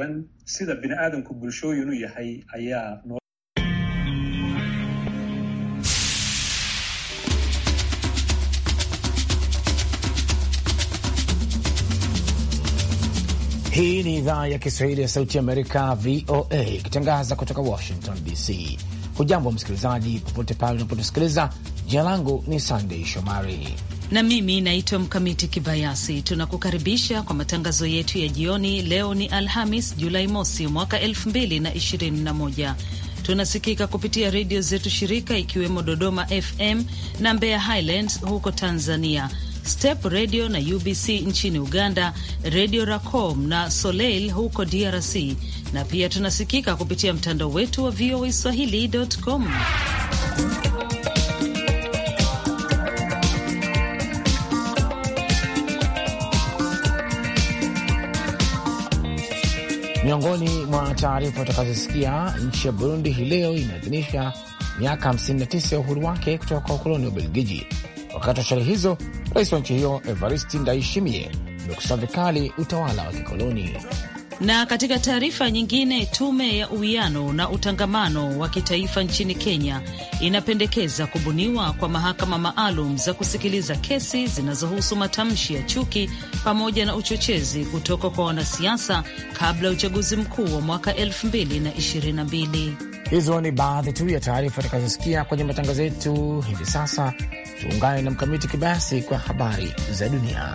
duwan sida bini'aadamku bulshooyin u yahay ayaa Hii ni idhaa ya Kiswahili ya Sauti Amerika, VOA, ikitangaza kutoka Washington DC. Hujambo msikilizaji, popote pale unapotusikiliza. Jina langu ni sandey Shomari na mimi naitwa Mkamiti Kibayasi. Tunakukaribisha kwa matangazo yetu ya jioni. Leo ni Alhamis, Julai mosi mwaka 2021. Tunasikika kupitia redio zetu shirika ikiwemo Dodoma FM na Mbeya Highlands huko Tanzania, Step Radio na UBC nchini Uganda, Radio Racom na Soleil huko DRC, na pia tunasikika kupitia mtandao wetu wa VOA swahili.com Miongoni mwa taarifa utakazosikia, nchi ya Burundi hii leo inaadhimisha miaka 59 ya uhuru wake kutoka kwa ukoloni wa Ubelgiji. Wakati wa sherehe hizo, rais wa nchi hiyo Evaristi Ndayishimiye amekosoa vikali utawala wa kikoloni. Na katika taarifa nyingine, tume ya uwiano na utangamano wa kitaifa nchini Kenya inapendekeza kubuniwa kwa mahakama maalum za kusikiliza kesi zinazohusu matamshi ya chuki pamoja na uchochezi kutoka kwa wanasiasa kabla ya uchaguzi mkuu wa mwaka 2022. Hizo ni baadhi tu ya taarifa utakazosikia kwenye matangazo yetu hivi sasa. Tuungane na Mkamiti Kibayasi kwa habari za dunia.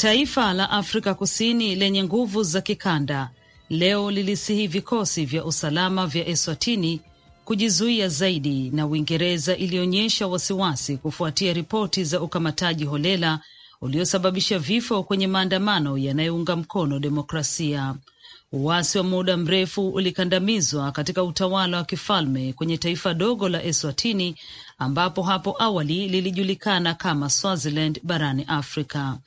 Taifa la Afrika Kusini lenye nguvu za kikanda leo lilisihi vikosi vya usalama vya Eswatini kujizuia zaidi, na Uingereza ilionyesha wasiwasi kufuatia ripoti za ukamataji holela uliosababisha vifo kwenye maandamano yanayounga mkono demokrasia. Uasi wa muda mrefu ulikandamizwa katika utawala wa kifalme kwenye taifa dogo la Eswatini ambapo hapo awali lilijulikana kama Swaziland barani Afrika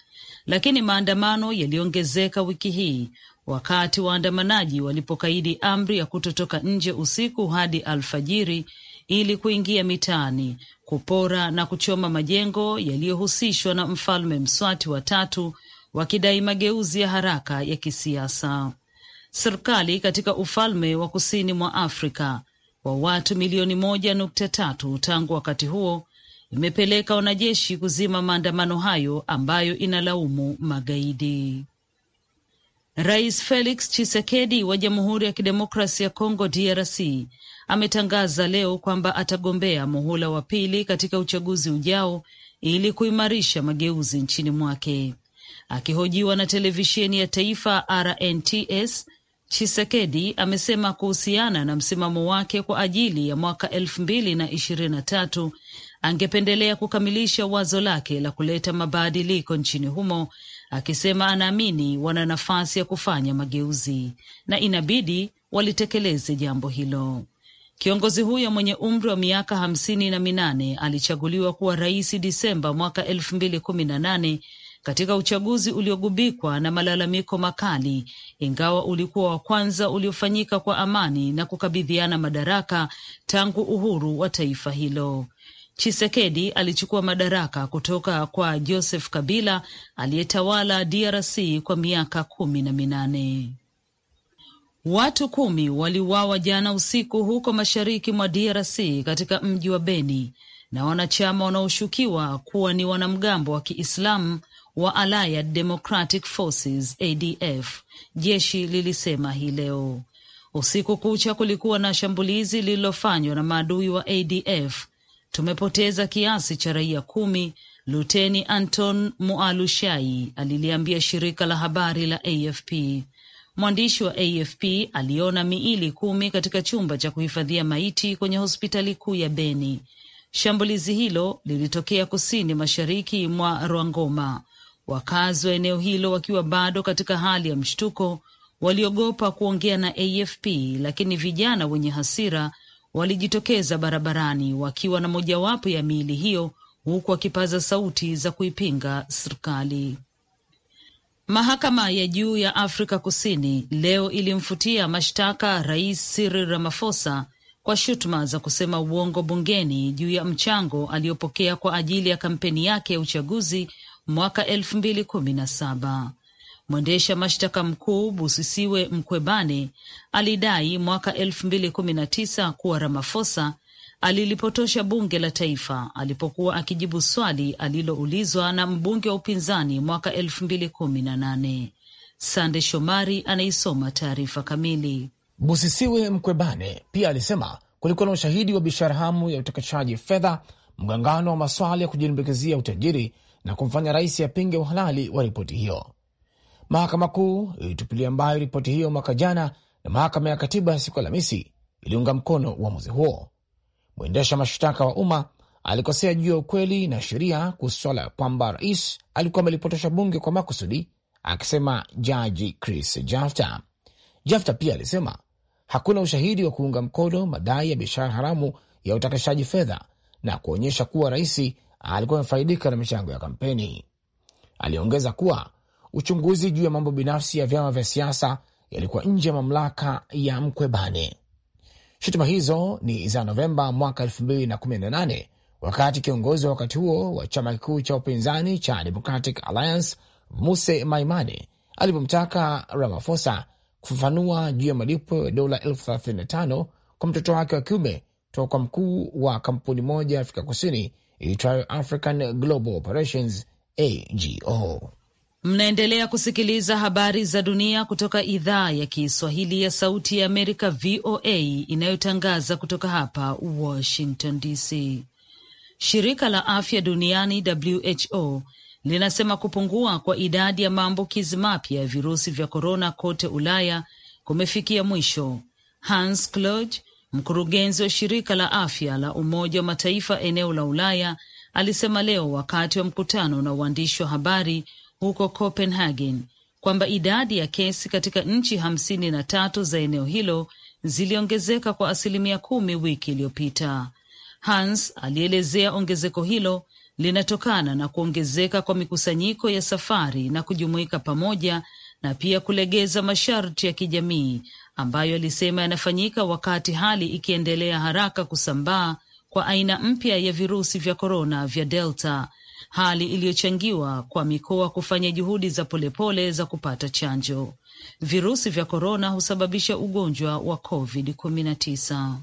lakini maandamano yaliongezeka wiki hii wakati waandamanaji walipokaidi amri ya kutotoka nje usiku hadi alfajiri ili kuingia mitaani kupora na kuchoma majengo yaliyohusishwa na Mfalme Mswati wa tatu wakidai mageuzi ya haraka ya kisiasa. Serikali katika ufalme wa kusini mwa Afrika wa watu milioni moja nukta tatu tangu wakati huo imepeleka wanajeshi kuzima maandamano hayo ambayo inalaumu magaidi. Rais Felix Tshisekedi wa Jamhuri ya Kidemokrasi ya Kongo DRC ametangaza leo kwamba atagombea muhula wa pili katika uchaguzi ujao ili kuimarisha mageuzi nchini mwake. Akihojiwa na televisheni ya taifa RNTS, Chisekedi amesema kuhusiana na msimamo wake kwa ajili ya mwaka elfu mbili na ishirini na tatu angependelea kukamilisha wazo lake la kuleta mabadiliko nchini humo, akisema anaamini wana nafasi ya kufanya mageuzi na inabidi walitekeleze jambo hilo. Kiongozi huyo mwenye umri wa miaka hamsini na minane alichaguliwa kuwa rais Disemba mwaka elfu mbili kumi na nane katika uchaguzi uliogubikwa na malalamiko makali, ingawa ulikuwa wa kwanza uliofanyika kwa amani na kukabidhiana madaraka tangu uhuru wa taifa hilo. Chisekedi alichukua madaraka kutoka kwa Joseph Kabila aliyetawala DRC kwa miaka kumi na minane. Watu kumi waliuawa jana usiku huko mashariki mwa DRC katika mji wa Beni na wanachama wanaoshukiwa kuwa ni wanamgambo wa Kiislamu wa Allied Democratic Forces ADF, jeshi lilisema hii leo. Usiku kucha kulikuwa na shambulizi lililofanywa na maadui wa ADF tumepoteza kiasi cha raia kumi, Luteni Anton Mualushai aliliambia shirika la habari la AFP. Mwandishi wa AFP aliona miili kumi katika chumba cha kuhifadhia maiti kwenye hospitali kuu ya Beni. Shambulizi hilo lilitokea kusini mashariki mwa Rwangoma, wakazi wa eneo hilo wakiwa bado katika hali ya mshtuko, waliogopa kuongea na AFP, lakini vijana wenye hasira walijitokeza barabarani wakiwa na mojawapo ya miili hiyo huku wakipaza sauti za kuipinga serikali. Mahakama ya juu ya Afrika Kusini leo ilimfutia mashtaka Rais Cyril Ramaphosa kwa shutuma za kusema uongo bungeni juu ya mchango aliyopokea kwa ajili ya kampeni yake ya uchaguzi mwaka elfu mbili kumi na saba. Mwendesha mashtaka mkuu Busisiwe mkwebane alidai mwaka elfu mbili kumi na tisa kuwa ramafosa alilipotosha bunge la taifa alipokuwa akijibu swali aliloulizwa na mbunge wa upinzani mwaka elfu mbili kumi na nane. Sande Shomari anaisoma taarifa kamili. Busisiwe Mkwebane pia alisema kulikuwa na ushahidi wa biashara hamu ya utekeshaji fedha, mgangano wa maswala ya kujilimbikizia utajiri na kumfanya rais apinge uhalali wa ripoti hiyo. Mahakama Kuu ilitupilia mbali ripoti hiyo mwaka jana, na mahakama ya katiba siku Alhamisi iliunga mkono uamuzi huo. Mwendesha mashtaka wa umma alikosea juu ya ukweli na sheria kuhusu swala kwamba rais alikuwa amelipotosha bunge kwa makusudi, akisema jaji Chris Jafta. Jafta pia alisema hakuna ushahidi wa kuunga mkono madai ya biashara haramu ya utakashaji fedha na kuonyesha kuwa rais alikuwa amefaidika na michango ya kampeni. Aliongeza kuwa uchunguzi juu ya mambo binafsi ya vyama vya siasa yalikuwa nje ya mamlaka ya Mkwebane. Shutuma hizo ni za Novemba mwaka 2018 wakati kiongozi wa wakati huo wa chama kikuu cha upinzani cha Democratic Alliance Muse Maimane alipomtaka ramafosa kufafanua juu ya malipo ya dola elfu thelathini na tano kwa mtoto wake wa kiume toka kwa mkuu wa kampuni moja ya Afrika Kusini iitwayo African Global Operations AGO. Mnaendelea kusikiliza habari za dunia kutoka idhaa ya Kiswahili ya Sauti ya Amerika, VOA, inayotangaza kutoka hapa Washington DC. Shirika la Afya Duniani, WHO, linasema kupungua kwa idadi ya maambukizi mapya ya virusi vya korona kote Ulaya kumefikia mwisho. Hans Kluge, mkurugenzi wa shirika la afya la Umoja wa Mataifa eneo la Ulaya, alisema leo wakati wa mkutano na waandishi wa habari huko Copenhagen kwamba idadi ya kesi katika nchi hamsini na tatu za eneo hilo ziliongezeka kwa asilimia kumi wiki iliyopita. Hans alielezea ongezeko hilo linatokana na kuongezeka kwa mikusanyiko ya safari na kujumuika pamoja na pia kulegeza masharti ya kijamii ambayo alisema yanafanyika wakati hali ikiendelea haraka kusambaa kwa aina mpya ya virusi vya korona vya Delta hali iliyochangiwa kwa mikoa kufanya juhudi za polepole za kupata chanjo. Virusi vya korona husababisha ugonjwa wa COVID-19.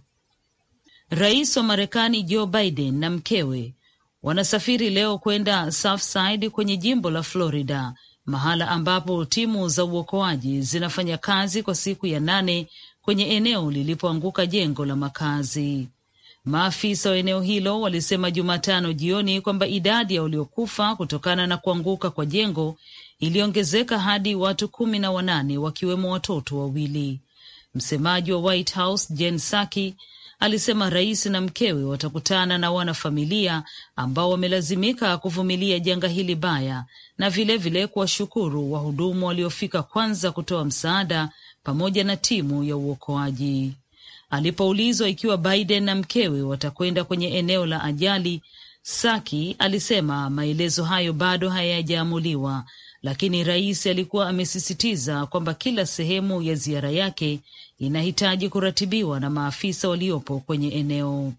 Rais wa Marekani Joe Biden na mkewe wanasafiri leo kwenda Surfside kwenye jimbo la Florida, mahala ambapo timu za uokoaji zinafanya kazi kwa siku ya nane kwenye eneo lilipoanguka jengo la makazi. Maafisa wa eneo hilo walisema Jumatano jioni kwamba idadi ya waliokufa kutokana na kuanguka kwa jengo iliongezeka hadi watu kumi na wanane wakiwemo watoto wawili. Msemaji wa White House Jen Psaki alisema rais na mkewe watakutana na wanafamilia ambao wamelazimika kuvumilia janga hili baya, na vilevile kuwashukuru wahudumu waliofika kwanza kutoa msaada pamoja na timu ya uokoaji. Alipoulizwa ikiwa Biden na mkewe watakwenda kwenye eneo la ajali, Saki alisema maelezo hayo bado hayajaamuliwa, lakini rais alikuwa amesisitiza kwamba kila sehemu ya ziara yake inahitaji kuratibiwa na maafisa waliopo kwenye eneo.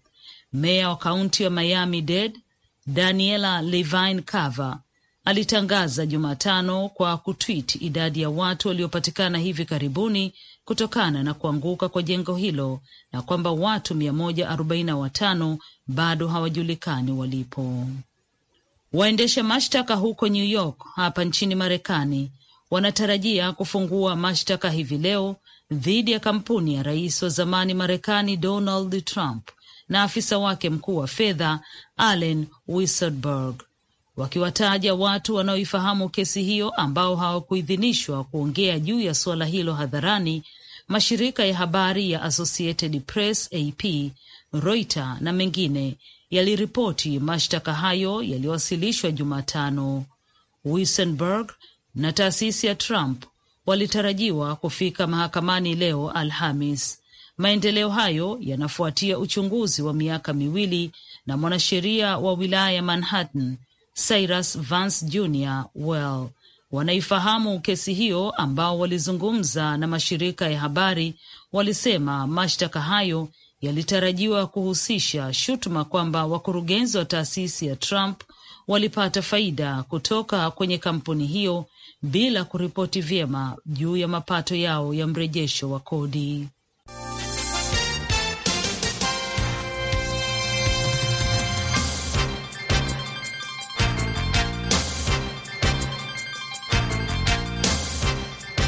Meya wa kaunti ya Miami Dade Daniela Levine Cava alitangaza Jumatano kwa kutwit idadi ya watu waliopatikana hivi karibuni kutokana na kuanguka kwa jengo hilo na kwamba watu 145 bado hawajulikani walipo. Waendesha mashtaka huko New York hapa nchini Marekani wanatarajia kufungua mashtaka hivi leo dhidi ya kampuni ya rais wa zamani Marekani Donald Trump na afisa wake mkuu wa fedha Allen Weisselberg wakiwataja watu wanaoifahamu kesi hiyo ambao hawakuidhinishwa kuongea juu ya suala hilo hadharani. Mashirika ya habari ya Associated Press, AP, Reuters na mengine yaliripoti mashtaka hayo yaliyowasilishwa Jumatano. wisenberg na taasisi ya Trump walitarajiwa kufika mahakamani leo Alhamis. Maendeleo hayo yanafuatia uchunguzi wa miaka miwili na mwanasheria wa wilaya ya Manhattan Cyrus Vance Jr Well wanaifahamu kesi hiyo, ambao walizungumza na mashirika ya habari walisema mashtaka hayo yalitarajiwa kuhusisha shutuma kwamba wakurugenzi wa taasisi ya Trump walipata faida kutoka kwenye kampuni hiyo bila kuripoti vyema juu ya mapato yao ya mrejesho wa kodi.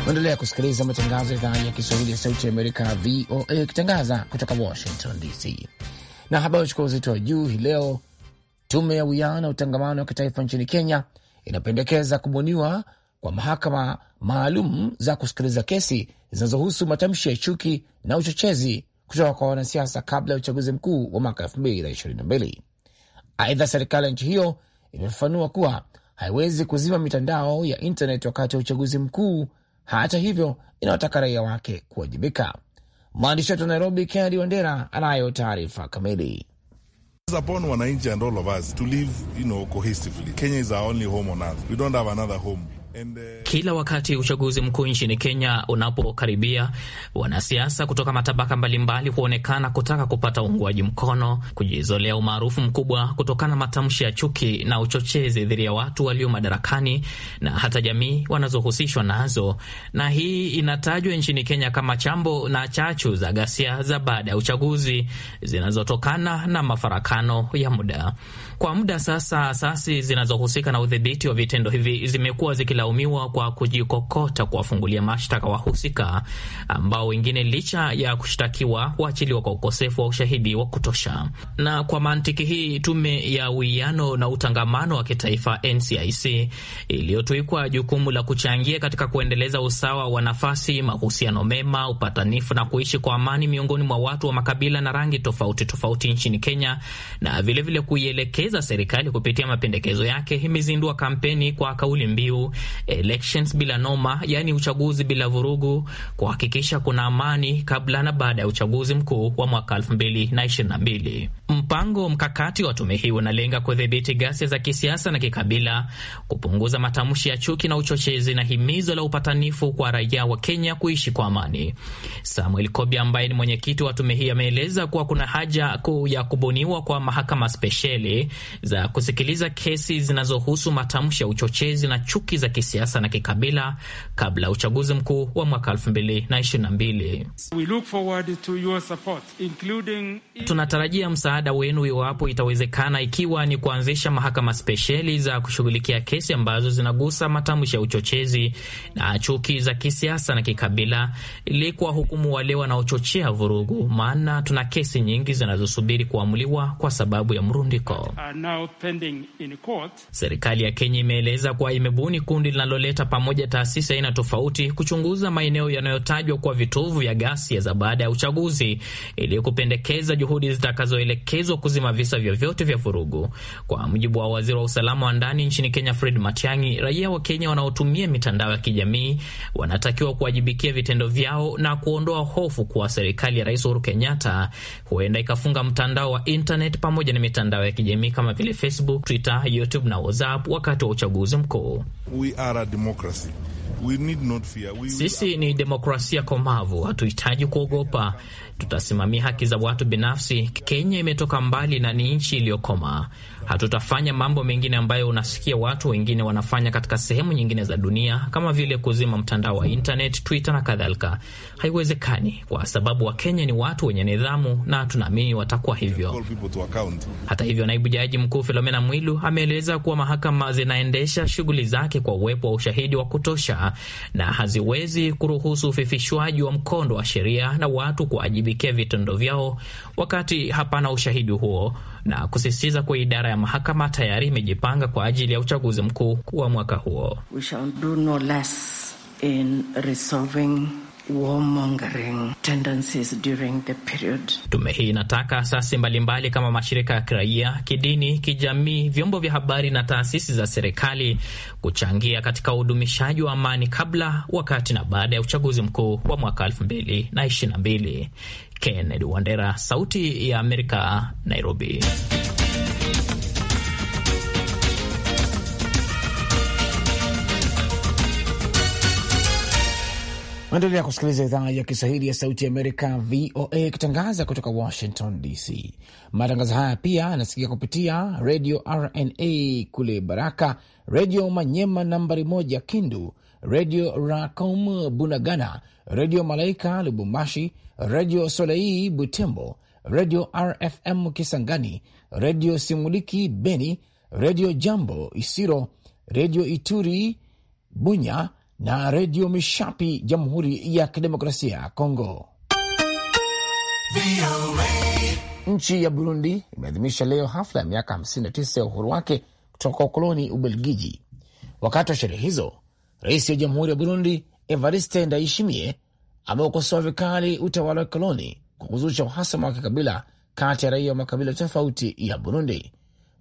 Unaendelea kusikiliza matangazo ya idhaa ya Kiswahili ya Sauti ya Amerika, VOA, ikitangaza kutoka Washington DC. Na habari uchukua uzito wa juu hii leo, tume ya uwiano na utangamano wa kitaifa nchini Kenya inapendekeza kubuniwa kwa mahakama maalum za kusikiliza kesi zinazohusu matamshi ya chuki na uchochezi kutoka kwa wanasiasa kabla ya uchaguzi mkuu wa mwaka mbili. Aidha, serikali ya nchi hiyo imefafanua kuwa haiwezi kuzima mitandao ya intaneti wakati wa uchaguzi mkuu hata hivyo, inawataka raia wake kuwajibika. Mwandishi wetu wa Nairobi, Kennedy Wandera, anayo taarifa kamili. wananchi and all of us to live, you know, cohesively. Kenya is our only home on earth. We don't have another home. Uh, Kila wakati uchaguzi mkuu nchini Kenya unapokaribia, wanasiasa kutoka matabaka mbalimbali huonekana kutaka kupata uungwaji mkono, kujizolea umaarufu mkubwa kutokana na matamshi ya chuki na uchochezi dhidi ya watu walio madarakani na hata jamii wanazohusishwa nazo, na hii inatajwa nchini Kenya kama chambo na chachu za ghasia za baada ya uchaguzi zinazotokana na mafarakano ya muda. Kwa muda sasa, asasi zinazohusika na udhibiti wa vitendo hivi zimekuwa zikilaumiwa kwa kujikokota kuwafungulia mashtaka wahusika ambao wengine licha ya kushtakiwa huachiliwa kwa ukosefu wa ushahidi wa kutosha. Na kwa mantiki hii, tume ya uwiano na utangamano wa kitaifa NCIC iliyotuikwa jukumu la kuchangia katika kuendeleza usawa wa nafasi, mahusiano mema, upatanifu na kuishi kwa amani miongoni mwa watu wa makabila na rangi tofauti tofauti nchini Kenya na vilevile kuielekeza Ameeleza serikali kupitia mapendekezo yake imezindua kampeni kwa kauli mbiu elections bila noma, yaani uchaguzi bila vurugu, kuhakikisha kuna amani kabla na baada ya uchaguzi mkuu wa mwaka 2022. Mpango mkakati wa tume hii unalenga kudhibiti ghasia za kisiasa na kikabila, kupunguza matamshi ya chuki na uchochezi, na himizo la upatanifu kwa raia wa Kenya kuishi kwa amani. Samuel Kobi ambaye ni mwenyekiti wa tume hii ameeleza kuwa kuna haja kuu ya kubuniwa kwa mahakama spesheli za kusikiliza kesi zinazohusu matamshi ya uchochezi na chuki za kisiasa na kikabila kabla ya uchaguzi mkuu wa mwaka 2022. Tunatarajia msaada wenu iwapo itawezekana, ikiwa ni kuanzisha mahakama spesheli za kushughulikia kesi ambazo zinagusa matamshi ya uchochezi na chuki za kisiasa na kikabila, ili kuwahukumu wale wanaochochea vurugu, maana tuna kesi nyingi zinazosubiri kuamuliwa kwa sababu ya mrundiko are now pending in court. Serikali ya Kenya imeeleza kuwa imebuni kundi linaloleta pamoja taasisi aina tofauti kuchunguza maeneo yanayotajwa kuwa vitovu vya ghasia za baada ya uchaguzi ili kupendekeza juhudi zitakazoelekezwa kuzima visa vyovyote vya vurugu. Kwa mujibu wa waziri wa usalama wa ndani nchini Kenya Fred Matiang'i, raia wa Kenya wanaotumia mitandao ya kijamii wanatakiwa kuwajibikia vitendo vyao na kuondoa hofu kuwa serikali ya Rais Uhuru Kenyatta huenda ikafunga mtandao wa internet pamoja na mitandao ya kijamii kama vile Facebook, Twitter, YouTube na WhatsApp wakati wa uchaguzi mkuu. We are a democracy. We need not fear. We Sisi ni demokrasia komavu, hatuhitaji kuogopa. Tutasimamia haki za watu binafsi. Kenya imetoka mbali na ni nchi iliyokoma. Hatutafanya mambo mengine ambayo unasikia watu wengine wanafanya katika sehemu nyingine za dunia, kama vile kuzima mtandao wa internet, Twitter na kadhalika. Haiwezekani, kwa sababu Wakenya ni watu wenye nidhamu na tunaamini watakuwa hivyo. Hata hivyo, naibu jaji mkuu Filomena Mwilu ameeleza kuwa mahakama zinaendesha shughuli zake kwa uwepo wa ushahidi wa kutosha na haziwezi kuruhusu ufifishwaji wa mkondo wa sheria na watu kuajibikia vitendo vyao wakati hapana ushahidi huo, na kusisitiza kuwa idara ya mahakama tayari imejipanga kwa ajili ya uchaguzi mkuu wa mwaka huo. We shall do no less in resolving warmongering tendencies during the period. Tume hii inataka asasi mbalimbali kama mashirika ya kiraia, kidini, kijamii, vyombo vya habari na taasisi za serikali kuchangia katika udumishaji wa amani kabla, wakati na baada ya uchaguzi mkuu wa mwaka 222 Kennedy Wandera, Sauti ya Amerika, Nairobi. Maendelea kusikiliza idhaa ya Kiswahili ya Sauti ya Amerika, VOA, ikitangaza kutoka Washington DC. Matangazo haya pia yanasikika kupitia redio RNA kule Baraka, redio Manyema nambari moja Kindu, redio Racom Bunagana, redio Malaika Lubumbashi, redio Solei Butembo, redio RFM Kisangani, redio Simuliki Beni, redio Jambo Isiro, redio Ituri Bunya, na redio Mishapi, Jamhuri ya Kidemokrasia ya Kongo. Nchi ya Burundi imeadhimisha leo hafla ya miaka 59 ya uhuru wake kutoka ukoloni Ubelgiji. Wakati wa sherehe hizo, rais wa Jamhuri ya Burundi Evariste Ndayishimiye ameukosoa vikali utawala wa koloni kwa kuzusha uhasama wa kikabila kati ya raia wa makabila tofauti ya Burundi.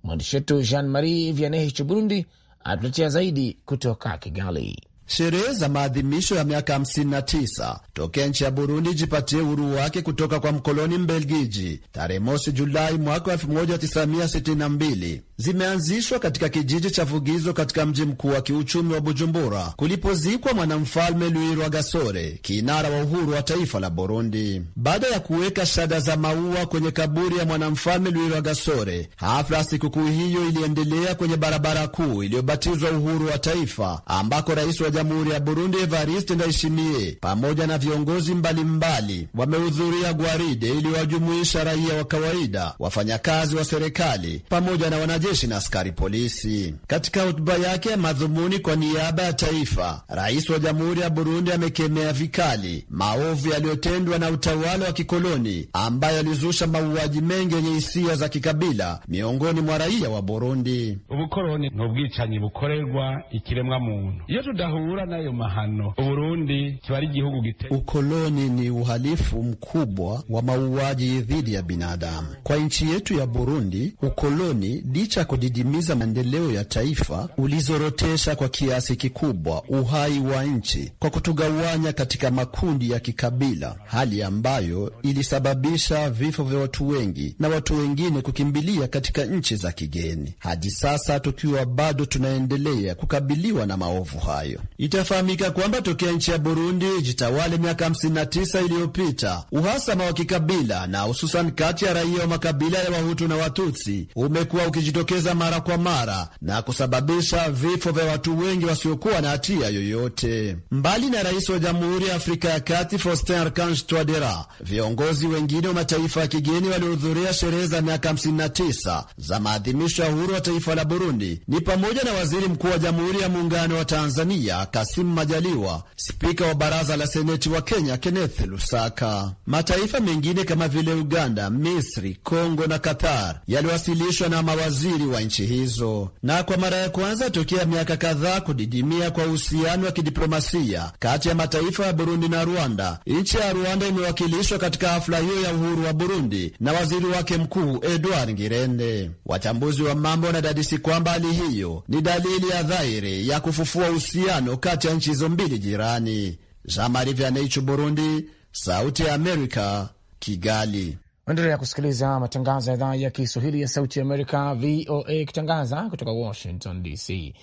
Mwandishi wetu Jean Marie Vianehicho Burundi anatuletea zaidi kutoka Kigali. Sherehe za maadhimisho ya miaka 59 tokea nchi ya Burundi jipatie uhuru wake kutoka kwa mkoloni Mbelgiji tarehe mosi Julai mwaka 1962 zimeanzishwa katika kijiji cha Vugizo katika mji mkuu wa kiuchumi wa Bujumbura, kulipozikwa mwanamfalme Louis Rwagasore, kinara wa uhuru wa taifa la Burundi. Baada ya kuweka shada za maua kwenye kaburi ya mwanamfalme Louis Rwagasore, hafla ya sikukuu hiyo iliendelea kwenye barabara kuu iliyobatizwa Uhuru wa Taifa, ambako rais wa Jamhuri ya Burundi Evariste Ndayishimiye pamoja na viongozi mbalimbali wamehudhuria gwaride iliyowajumuisha raia wa kawaida, wafanyakazi wa serikali pamoja na wanajeshi na askari polisi. Katika hotuba yake ya madhumuni kwa niaba ya taifa, rais wa Jamhuri ya Burundi amekemea vikali maovu yaliyotendwa na utawala wa kikoloni ambayo yalizusha mauaji mengi yenye hisia za kikabila miongoni mwa raia wa Burundi. Ubukoloni ni ubwicanyi bukorerwa ikiremwa muntu iyo tudahu duhura nayo mahano. Uburundi kiba ari gite. Ukoloni ni uhalifu mkubwa wa mauaji dhidi ya binadamu. Kwa nchi yetu ya Burundi, ukoloni licha kudidimiza maendeleo ya taifa, ulizorotesha kwa kiasi kikubwa uhai wa nchi kwa kutugawanya katika makundi ya kikabila, hali ambayo ilisababisha vifo vya watu wengi na watu wengine kukimbilia katika nchi za kigeni, hadi sasa tukiwa bado tunaendelea kukabiliwa na maovu hayo. Itafahamika kwamba tokea nchi ya Burundi jitawale miaka 59 iliyopita, uhasama wa kikabila na hususan kati ya raia wa makabila ya Wahutu na Watutsi umekuwa ukijitokeza mara kwa mara na kusababisha vifo vya watu wengi wasiokuwa na hatia yoyote. Mbali na rais wa Jamhuri ya Afrika ya Kati Faustin Archange Touadera, viongozi wengine wa mataifa ya kigeni waliohudhuria sherehe za miaka 59 za maadhimisho ya uhuru wa taifa la Burundi ni pamoja na waziri mkuu wa Jamhuri ya Muungano wa Tanzania Kasim Majaliwa, spika wa baraza la seneti wa Kenya Kenneth Lusaka. Mataifa mengine kama vile Uganda, Misri, Kongo na Qatar yaliwasilishwa na mawaziri wa nchi hizo, na kwa mara ya kwanza tokea miaka kadhaa kudidimia kwa uhusiano wa kidiplomasia kati ya mataifa ya Burundi na Rwanda. Nchi ya Rwanda imewakilishwa katika hafla hiyo ya uhuru wa Burundi na waziri wake mkuu edward ngirende Wachambuzi wa mambo wanadadisi kwamba hali hiyo ni dalili ya dhahiri ya kufufua uhusiano uhusiano kati ya nchi hizo mbili jirani. Jean-Marie Burundi, Sauti ya Amerika, Kigali. Endelea kusikiliza matangazo ya idhaa ya Kiswahili ya Sauti ya Amerika, VOA, ikitangaza kutoka Washington DC.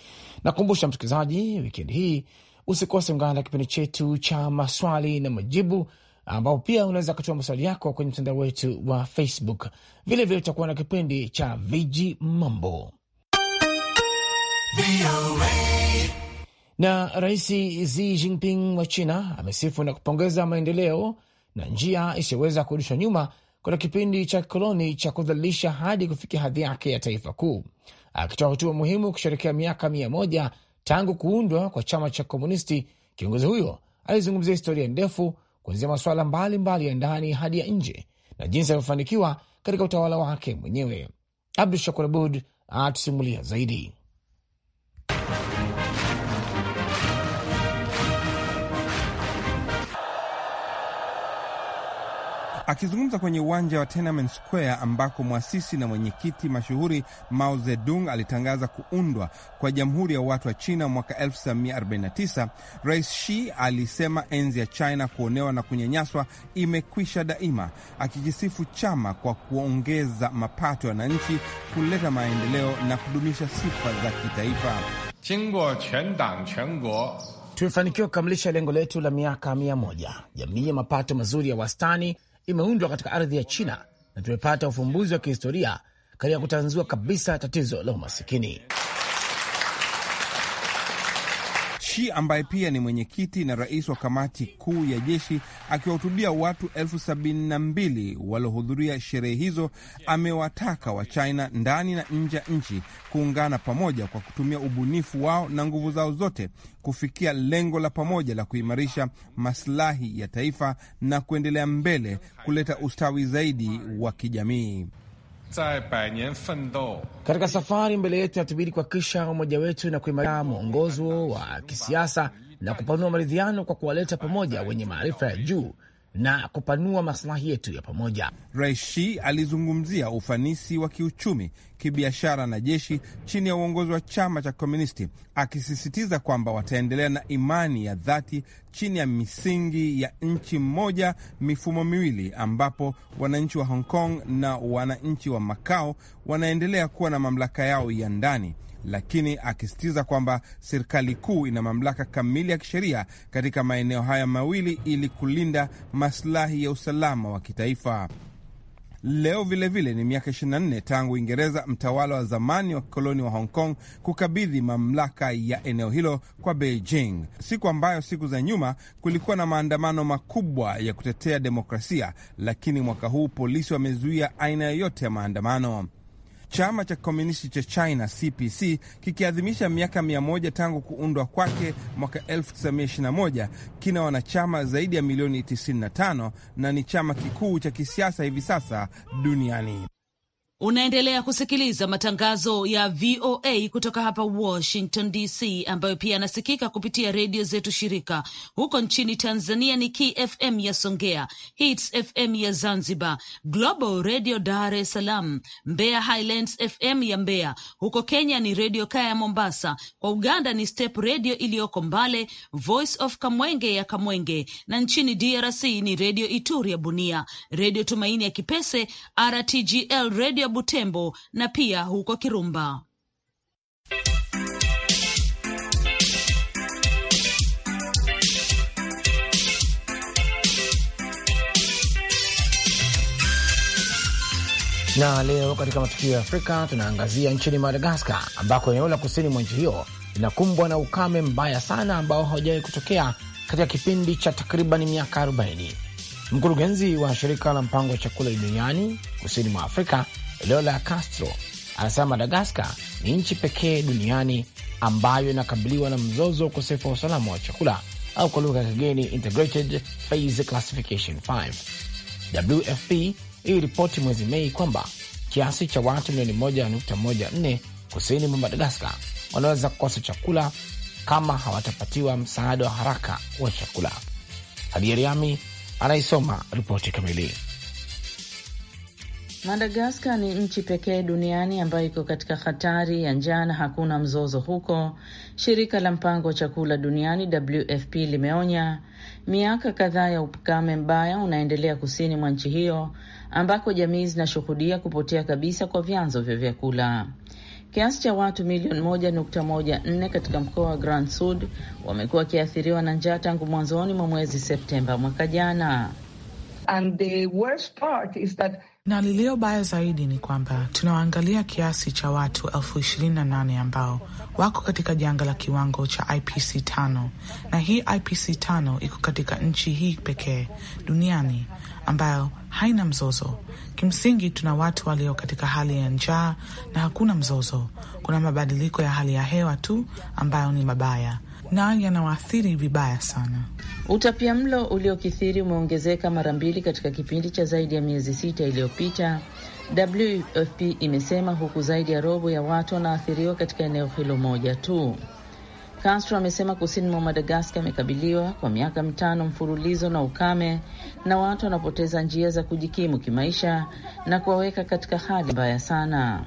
Nakumbusha msikilizaji, wikendi hii usikose ungana na kipindi chetu cha maswali na majibu, ambapo pia unaweza kutoa maswali yako kwenye mtandao wetu wa Facebook. Vilevile utakuwa na kipindi cha viji mambo VOA. Na Rais Xi Jinping wa China amesifu na kupongeza maendeleo na njia isiyoweza kurudishwa nyuma katika kipindi cha koloni cha kudhalilisha hadi kufikia hadhi yake ya taifa kuu, akitoa hotuba muhimu kusherekea miaka mia moja tangu kuundwa kwa chama cha Komunisti. Kiongozi huyo alizungumzia historia ndefu kuanzia masuala mbalimbali ya ndani hadi ya nje na jinsi alivyofanikiwa katika utawala wake mwenyewe. Abdu Shakur Abud atusimulia zaidi. Akizungumza kwenye uwanja wa Tiananmen Square ambako mwasisi na mwenyekiti mashuhuri Mao Zedong alitangaza kuundwa kwa Jamhuri ya Watu wa China mwaka 1949, Rais Xi alisema enzi ya China kuonewa na kunyanyaswa imekwisha daima, akikisifu chama kwa kuongeza mapato ya wananchi, kuleta maendeleo na kudumisha sifa za kitaifa. Tumefanikiwa kukamilisha lengo letu la miaka mia moja, jamii ya mapato mazuri ya wastani imeundwa katika ardhi ya China na tumepata ufumbuzi wa kihistoria katika kutanzua kabisa tatizo la umasikini. Shi ambaye pia ni mwenyekiti na rais wa kamati kuu ya jeshi akiwahutubia watu elfu sabini na mbili waliohudhuria sherehe hizo, amewataka wa China ndani na nje ya nchi kuungana pamoja kwa kutumia ubunifu wao na nguvu zao zote kufikia lengo la pamoja la kuimarisha maslahi ya taifa na kuendelea mbele kuleta ustawi zaidi wa kijamii. Katika safari mbele yetu, inatubidi kuhakikisha umoja wetu na kuimarisha mwongozo wa kisiasa na kupanua maridhiano kwa kuwaleta pamoja wenye maarifa ya juu na kupanua maslahi yetu ya pamoja. Shi alizungumzia ufanisi wa kiuchumi, kibiashara na jeshi chini ya uongozi wa chama cha Komunisti, akisisitiza kwamba wataendelea na imani ya dhati chini ya misingi ya nchi mmoja mifumo miwili, ambapo wananchi wa Hong Kong na wananchi wa Makao wanaendelea kuwa na mamlaka yao ya ndani lakini akisisitiza kwamba serikali kuu ina mamlaka kamili ya kisheria katika maeneo haya mawili ili kulinda maslahi ya usalama wa kitaifa. Leo vilevile vile ni miaka 24 tangu Uingereza, mtawala wa zamani wa kikoloni wa Hong Kong, kukabidhi mamlaka ya eneo hilo kwa Beijing, siku ambayo siku za nyuma kulikuwa na maandamano makubwa ya kutetea demokrasia, lakini mwaka huu polisi wamezuia aina yoyote ya maandamano chama cha kikomunisti cha China CPC kikiadhimisha miaka mia moja tangu kuundwa kwake mwaka 1921 kina wanachama zaidi ya milioni 95 na ni chama kikuu cha kisiasa hivi sasa duniani. Unaendelea kusikiliza matangazo ya VOA kutoka hapa Washington DC, ambayo pia yanasikika kupitia redio zetu shirika. Huko nchini Tanzania ni KFM ya Songea, Hits FM ya Zanzibar, Global Radio Dar es Salaam, Mbeya Highlands FM ya Mbeya. Huko Kenya ni Redio Kaya ya Mombasa, kwa Uganda ni Step Redio iliyoko Mbale, Voice of Kamwenge ya Kamwenge, na nchini DRC ni Redio Ituri ya Bunia, Redio Tumaini ya Kipese, RTGL Radio Butembo na pia huko Kirumba. Na leo katika matukio ya Afrika tunaangazia nchini Madagaskar, ambako eneo la kusini mwa nchi hiyo linakumbwa na ukame mbaya sana ambao haujawahi kutokea katika kipindi cha takriban miaka 40. Mkurugenzi wa shirika la mpango wa chakula duniani kusini mwa Afrika Lola Castro anasema Madagaskar ni nchi pekee duniani ambayo inakabiliwa na mzozo wa ukosefu wa usalama wa chakula au kwa lugha ya kigeni Integrated Phase Classification 5. WFP iliripoti mwezi Mei kwamba kiasi cha watu milioni 1.14 kusini mwa Madagaskar wanaweza kukosa chakula kama hawatapatiwa msaada wa haraka wa chakula. Hadi Yariami anaisoma ripoti kamili. Madagaskar ni nchi pekee duniani ambayo iko katika hatari ya njaa na hakuna mzozo huko, shirika la mpango wa chakula duniani WFP limeonya. Miaka kadhaa ya ukame mbaya unaendelea kusini mwa nchi hiyo ambako jamii zinashuhudia kupotea kabisa kwa vyanzo vya vyakula. Kiasi cha watu milioni moja nukta moja nne katika mkoa wa Grand Sud wamekuwa wakiathiriwa na njaa tangu mwanzoni mwa mwezi Septemba mwaka jana. And the worst part is that na lililo baya zaidi ni kwamba tunawaangalia kiasi cha watu elfu ishirini na nane ambao wako katika janga la kiwango cha IPC tano, na hii IPC tano iko katika nchi hii pekee duniani ambayo haina mzozo. Kimsingi, tuna watu walio katika hali ya njaa na hakuna mzozo. Kuna mabadiliko ya hali ya hewa tu ambayo ni mabaya na yanawaathiri vibaya sana. Utapia mlo uliokithiri umeongezeka mara mbili katika kipindi cha zaidi ya miezi sita iliyopita, WFP imesema, huku zaidi ya robo ya watu wanaathiriwa katika eneo hilo moja tu. Castro amesema kusini mwa Madagaskar imekabiliwa kwa miaka mitano mfululizo na ukame na watu wanapoteza njia za kujikimu kimaisha na kuwaweka katika hali mbaya sana.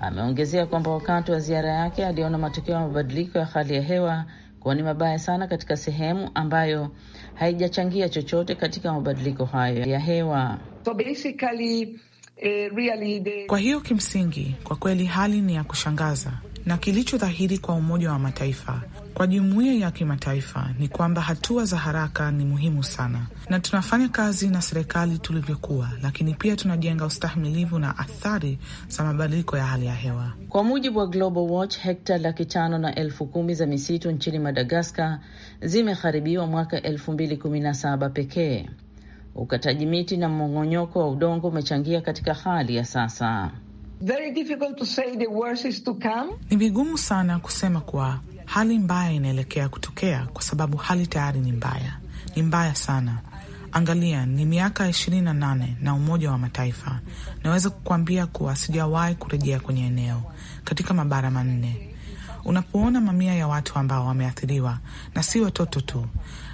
Ameongezea kwamba wakati wa ziara yake aliona matokeo ya mabadiliko ya hali ya hewa kuwa ni mabaya sana katika sehemu ambayo haijachangia chochote katika mabadiliko hayo ya hewa. So basically, eh, really Kwa hiyo kimsingi, kwa kweli hali ni ya kushangaza na kilicho dhahiri kwa Umoja wa Mataifa kwa jumuiya ya kimataifa ni kwamba hatua za haraka ni muhimu sana, na tunafanya kazi na serikali tulivyokuwa, lakini pia tunajenga ustahimilivu na athari za mabadiliko ya hali ya hewa. Kwa mujibu wa Global Watch, hekta laki tano na elfu kumi za misitu nchini Madagaskar zimeharibiwa mwaka elfu mbili kumi na saba pekee. Ukataji miti na mmong'onyoko wa udongo umechangia katika hali ya sasa. Very difficult to say the worst is to come. Ni vigumu sana kusema kuwa Hali mbaya inaelekea kutokea kwa sababu hali tayari ni mbaya, ni mbaya sana. Angalia, ni miaka ishirini na nane na Umoja wa Mataifa. Naweza kukuambia kuwa sijawahi kurejea kwenye eneo katika mabara manne. Unapoona mamia ya watu ambao wameathiriwa, na si watoto tu,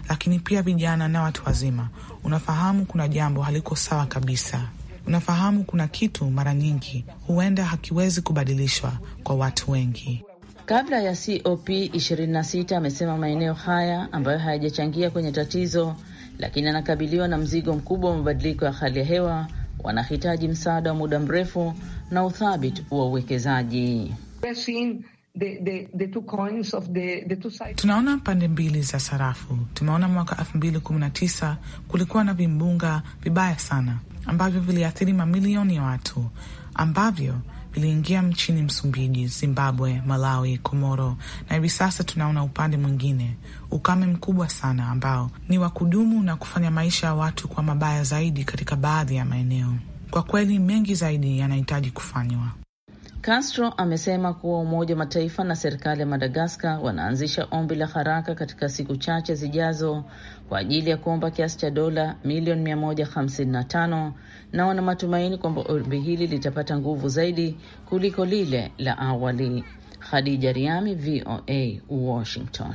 lakini pia vijana na watu wazima, unafahamu kuna jambo haliko sawa kabisa. Unafahamu kuna kitu mara nyingi huenda hakiwezi kubadilishwa kwa watu wengi kabla ya COP 26. Amesema maeneo haya ambayo hayajachangia kwenye tatizo, lakini anakabiliwa na mzigo mkubwa wa mabadiliko ya hali ya hewa, wanahitaji msaada wa muda mrefu na uthabiti wa uwekezaji. Tunaona pande mbili za sarafu. Tumeona mwaka 2019 kulikuwa na vimbunga vibaya sana ambavyo viliathiri mamilioni ya watu ambavyo viliingia nchini Msumbiji, Zimbabwe, Malawi, Komoro na hivi sasa tunaona upande mwingine, ukame mkubwa sana ambao ni wa kudumu na kufanya maisha ya watu kwa mabaya zaidi katika baadhi ya maeneo. Kwa kweli mengi zaidi yanahitaji kufanywa. Castro amesema kuwa Umoja wa Mataifa na serikali ya Madagaskar wanaanzisha ombi la haraka katika siku chache zijazo kwa ajili ya kuomba kiasi cha dola milioni 155 na wana matumaini kwamba ombi hili litapata nguvu zaidi kuliko lile la awali. Khadija Riami, VOA, Washington.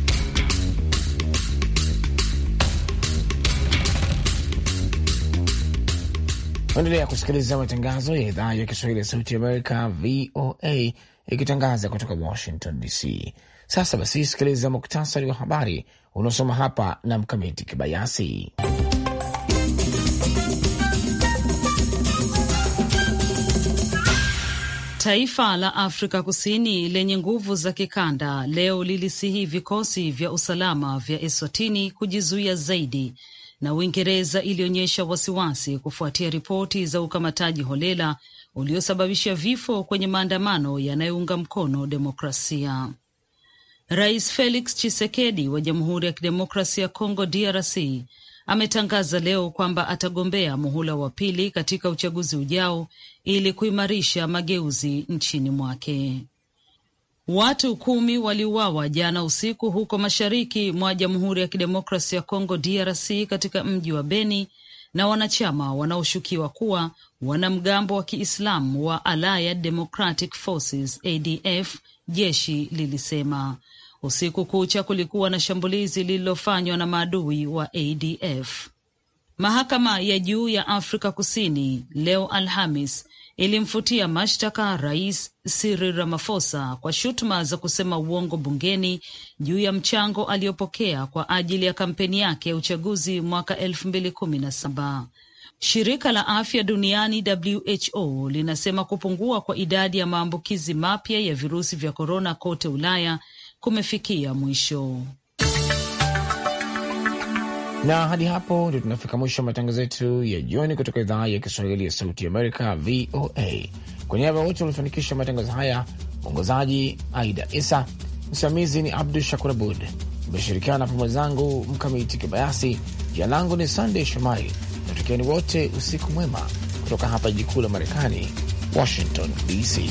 Endelea kusikiliza matangazo ya idhaa ya Kiswahili ya Sauti Amerika, VOA, ikitangaza kutoka Washington DC. Sasa basi, sikiliza muktasari wa habari unaosoma hapa na Mkamiti Kibayasi. Taifa la Afrika Kusini lenye nguvu za kikanda leo lilisihi vikosi vya usalama vya Eswatini kujizuia zaidi na Uingereza ilionyesha wasiwasi kufuatia ripoti za ukamataji holela uliosababisha vifo kwenye maandamano yanayounga mkono demokrasia. Rais Felix Tshisekedi wa Jamhuri ya Kidemokrasia ya Kongo DRC ametangaza leo kwamba atagombea muhula wa pili katika uchaguzi ujao ili kuimarisha mageuzi nchini mwake. Watu kumi waliuawa jana usiku huko mashariki mwa Jamhuri ya Kidemokrasi ya Kongo DRC katika mji wa Beni na wanachama wanaoshukiwa kuwa wanamgambo wa Kiislamu wa Allied Democratic Forces ADF, jeshi lilisema. Usiku kucha kulikuwa na shambulizi lililofanywa na maadui wa ADF. Mahakama ya juu ya Afrika Kusini leo Alhamis ilimfutia mashtaka Rais Cyril Ramaphosa kwa shutuma za kusema uongo bungeni juu ya mchango aliyopokea kwa ajili ya kampeni yake ya uchaguzi mwaka elfu mbili kumi na saba. Shirika la afya duniani WHO linasema kupungua kwa idadi ya maambukizi mapya ya virusi vya korona kote Ulaya kumefikia mwisho na hadi hapo ndio tunafika mwisho wa matangazo yetu ya jioni kutoka idhaa ya Kiswahili ya Sauti Amerika, VOA. Kwa niaba ya wote waliofanikisha matangazo haya, mwongozaji Aida Isa, msimamizi ni Abdu Shakur Abud, imeshirikiana na mwenzangu Mkamiti Kibayasi. Jina langu ni Sandey Shomari, natokeani wote usiku mwema kutoka hapa jikuu la Marekani, Washington DC.